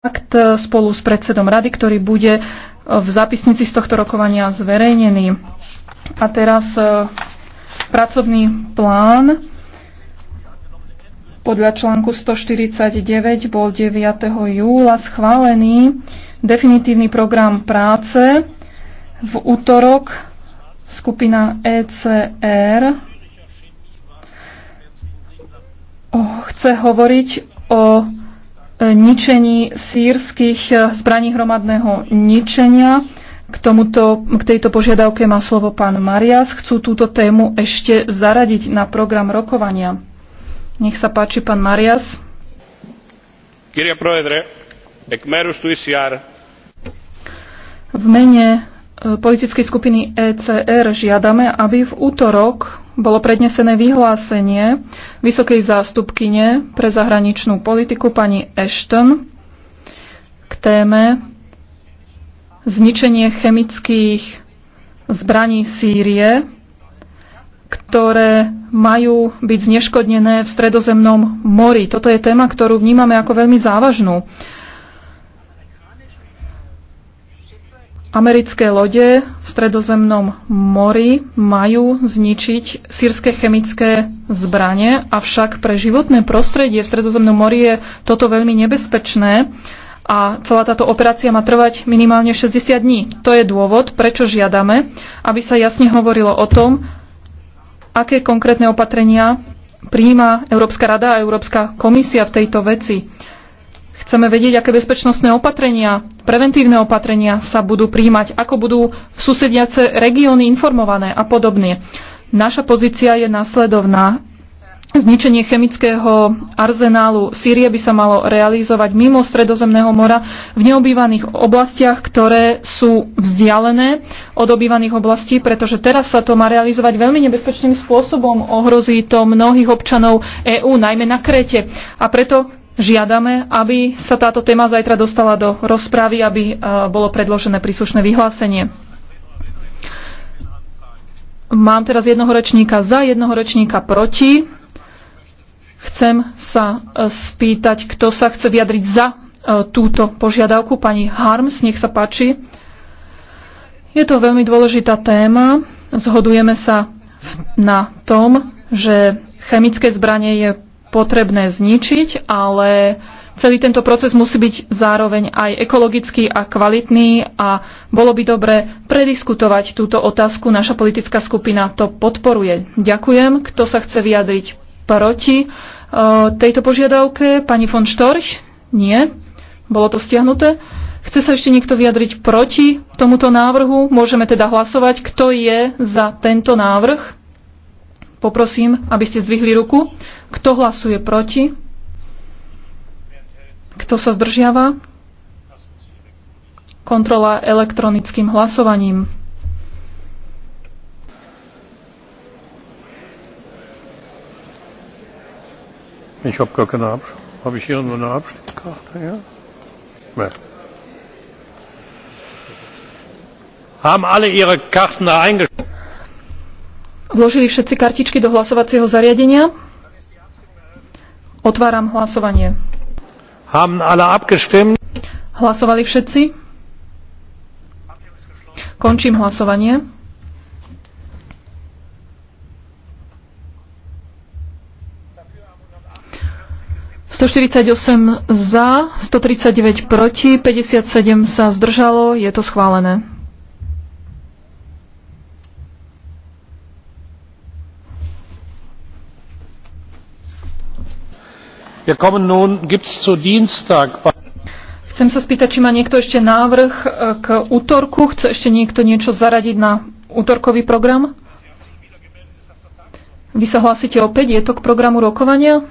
akt e, spolu s predsedom rady, ktorý bude e, v zápisnici z tohto rokovania zverejnený. A teraz e, pracovný plán podľa článku 149 bol 9. júla schválený definitívny program práce. V útorok skupina ECR chce hovoriť o ničení sírskych eh, zbraní hromadného ničenia. K, tomuto, k tejto požiadavke má slovo pán Marias. Chcú túto tému ešte zaradiť na program rokovania. Nech sa páči, pán Marias. V mene eh, politickej skupiny ECR žiadame, aby v útorok bolo prednesené vyhlásenie vysokej zástupkyne pre zahraničnú politiku pani Ashton k téme zničenie chemických zbraní Sýrie, ktoré majú byť zneškodnené v stredozemnom mori. Toto je téma, ktorú vnímame ako veľmi závažnú. Americké lode v stredozemnom mori majú zničiť sírske chemické zbranie, avšak pre životné prostredie v stredozemnom mori je toto veľmi nebezpečné a celá táto operácia má trvať minimálne 60 dní. To je dôvod, prečo žiadame, aby sa jasne hovorilo o tom, aké konkrétne opatrenia príjima Európska rada a Európska komisia v tejto veci. Chceme vedieť, aké bezpečnostné opatrenia, preventívne opatrenia sa budú príjmať, ako budú v susediace regióny informované a podobne. Naša pozícia je následovná. Zničenie chemického arzenálu Sýrie by sa malo realizovať mimo Stredozemného mora v neobývaných oblastiach, ktoré sú vzdialené od obývaných oblastí, pretože teraz sa to má realizovať veľmi nebezpečným spôsobom. Ohrozí to mnohých občanov EÚ, najmä na Krete. A preto žiadame, aby sa táto téma zajtra dostala do rozpravy, aby e, bolo predložené príslušné vyhlásenie. Mám teraz jednoho rečníka za, jednoho rečníka proti. Chcem sa e, spýtať, kto sa chce vyjadriť za e, túto požiadavku. Pani Harms, nech sa páči. Je to veľmi dôležitá téma. Zhodujeme sa na tom, že chemické zbranie je potrebné zničiť, ale celý tento proces musí byť zároveň aj ekologický a kvalitný a bolo by dobre prediskutovať túto otázku. Naša politická skupina to podporuje. Ďakujem. Kto sa chce vyjadriť proti e, tejto požiadavke? Pani von Štorch? Nie. Bolo to stiahnuté. Chce sa ešte niekto vyjadriť proti tomuto návrhu? Môžeme teda hlasovať, kto je za tento návrh. Poprosím, aby ste zdvihli ruku. Kto hlasuje proti? Kto sa zdržiava? Kontrola elektronickým hlasovaním. Ich habe gar keine Abstimmung. Habe ich hier nur eine Ja? Haben alle ihre Karten da eingeschaltet? Vložili všetci kartičky do hlasovacieho zariadenia? Otváram hlasovanie. Haben alle abgestimmt? Hlasovali všetci? Končím hlasovanie. za, 139 proti, 57 sa zdržalo, je to schválené. Chcem sa spýtať, či má niekto ešte návrh e, k útorku. Chce ešte niekto niečo zaradiť na útorkový program? Vy sa hlásite opäť? Je to k programu rokovania?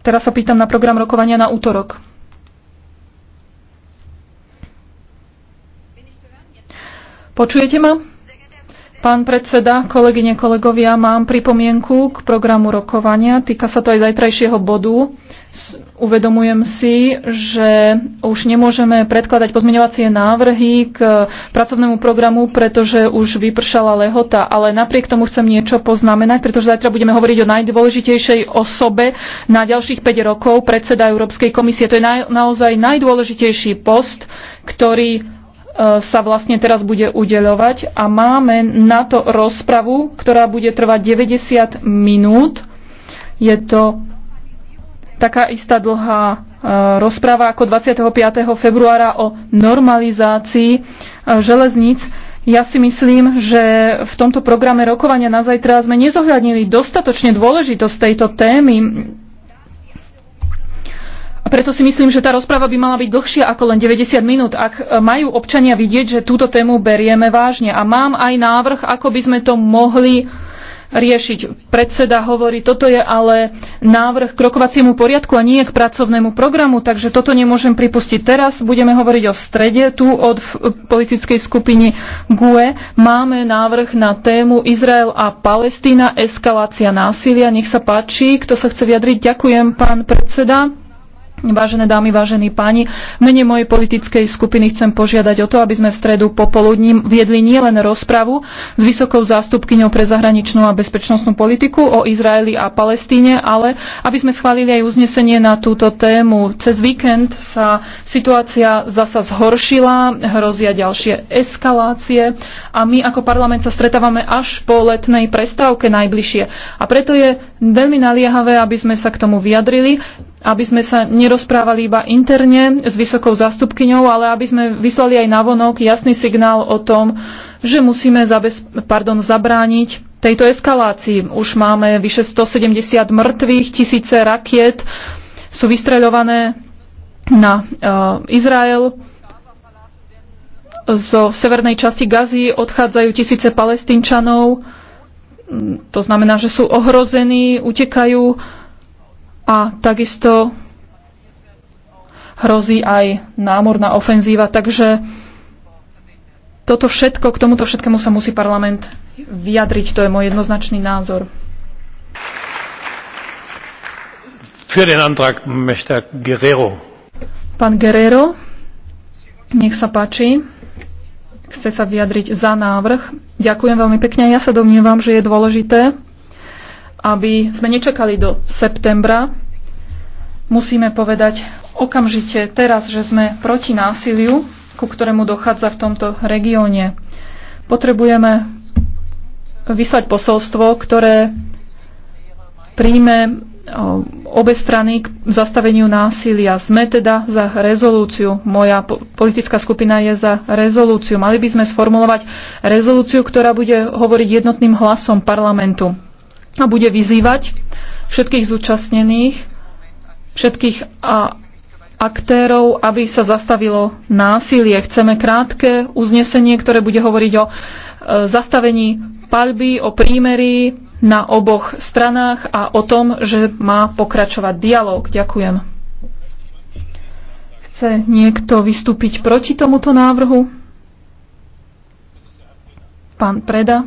Teraz sa pýtam na program rokovania na útorok. Počujete ma? Pán predseda, kolegyne, kolegovia, mám pripomienku k programu rokovania. Týka sa to aj zajtrajšieho bodu. Uvedomujem si, že už nemôžeme predkladať pozmeňovacie návrhy k pracovnému programu, pretože už vypršala lehota. Ale napriek tomu chcem niečo poznamenať, pretože zajtra budeme hovoriť o najdôležitejšej osobe na ďalších 5 rokov predseda Európskej komisie. To je na, naozaj najdôležitejší post, ktorý E, sa vlastne teraz bude udeľovať a máme na to rozpravu, ktorá bude trvať 90 minút. Je to taká istá dlhá e, rozpráva ako 25. februára o normalizácii e, železníc. Ja si myslím, že v tomto programe rokovania na zajtra sme nezohľadnili dostatočne dôležitosť tejto témy. Preto si myslím, že tá rozpráva by mala byť dlhšia ako len 90 minút, ak e, majú občania vidieť, že túto tému berieme vážne. A mám aj návrh, ako by sme to mohli riešiť. Predseda hovorí, toto je ale návrh k rokovaciemu poriadku a nie k pracovnému programu, takže toto nemôžem pripustiť teraz. Budeme hovoriť o strede tu od e, politickej skupiny GUE. Máme návrh na tému Izrael a Palestína, eskalácia násilia. Nech sa páči, kto sa chce vyjadriť. Ďakujem, pán predseda. Vážené dámy, vážení páni, v mene mojej politickej skupiny chcem požiadať o to, aby sme v stredu popoludní viedli nielen rozpravu s vysokou zástupkyňou pre zahraničnú a bezpečnostnú politiku o Izraeli a Palestíne, ale aby sme schválili aj uznesenie na túto tému. Cez víkend sa situácia zasa zhoršila, hrozia ďalšie eskalácie a my ako parlament sa stretávame až po letnej prestávke najbližšie. A preto je veľmi naliehavé, aby sme sa k tomu vyjadrili aby sme sa nerozprávali iba interne s vysokou zástupkyňou, ale aby sme vyslali aj navonok jasný signál o tom, že musíme zabez, pardon, zabrániť tejto eskalácii. Už máme vyše 170 mŕtvych, tisíce rakiet sú vystreľované na uh, Izrael. Zo severnej časti Gazy odchádzajú tisíce palestínčanov. Mm, to znamená, že sú ohrození, utekajú a takisto hrozí aj námorná ofenzíva, takže toto všetko, k tomuto všetkému sa musí parlament vyjadriť, to je môj jednoznačný názor. Für den Antrag möchte Guerrero. Pán Guerrero, nech sa páči. Chce sa vyjadriť za návrh. Ďakujem veľmi pekne. Ja sa domnievam, že je dôležité, aby sme nečakali do septembra, Musíme povedať okamžite teraz, že sme proti násiliu, ku ktorému dochádza v tomto regióne. Potrebujeme vyslať posolstvo, ktoré príjme obe strany k zastaveniu násilia. Sme teda za rezolúciu. Moja politická skupina je za rezolúciu. Mali by sme sformulovať rezolúciu, ktorá bude hovoriť jednotným hlasom parlamentu a bude vyzývať všetkých zúčastnených všetkých a aktérov, aby sa zastavilo násilie. Chceme krátke uznesenie, ktoré bude hovoriť o e, zastavení palby, o prímerí na oboch stranách a o tom, že má pokračovať dialog. Ďakujem. Chce niekto vystúpiť proti tomuto návrhu? Pán Preda.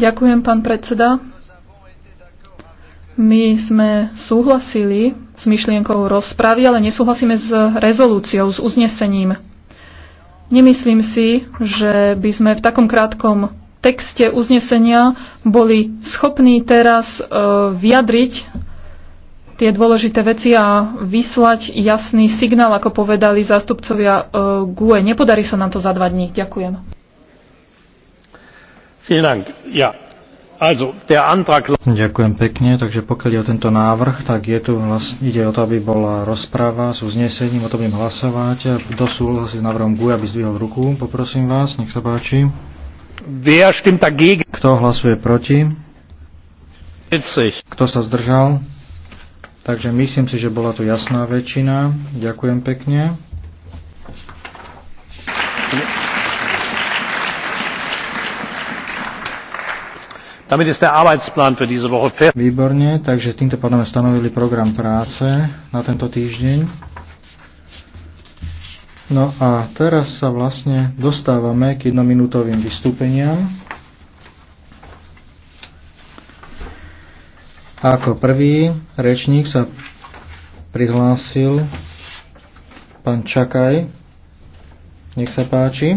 Ďakujem, pán predseda. My sme súhlasili s myšlienkou rozpravy, ale nesúhlasíme s rezolúciou, s uznesením. Nemyslím si, že by sme v takom krátkom texte uznesenia boli schopní teraz e, vyjadriť tie dôležité veci a vyslať jasný signál, ako povedali zástupcovia e, GUE. Nepodarí sa nám to za dva dní. Ďakujem. Ďakujem pekne, takže pokiaľ je o tento návrh, tak je tu vlastne, ide o to, aby bola rozprava s uznesením, o to budem hlasovať. Kto súhlasí s návrhom GUI, aby zdvihol ruku, poprosím vás, nech sa páči. Kto hlasuje proti? Kto sa zdržal? Takže myslím si, že bola tu jasná väčšina. Ďakujem pekne. Výborne, takže týmto pádom stanovili program práce na tento týždeň. No a teraz sa vlastne dostávame k jednominútovým vystúpeniam. Ako prvý rečník sa prihlásil pán Čakaj. Nech sa páči.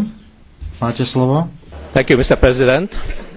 Máte slovo. Thank you, Mr. President.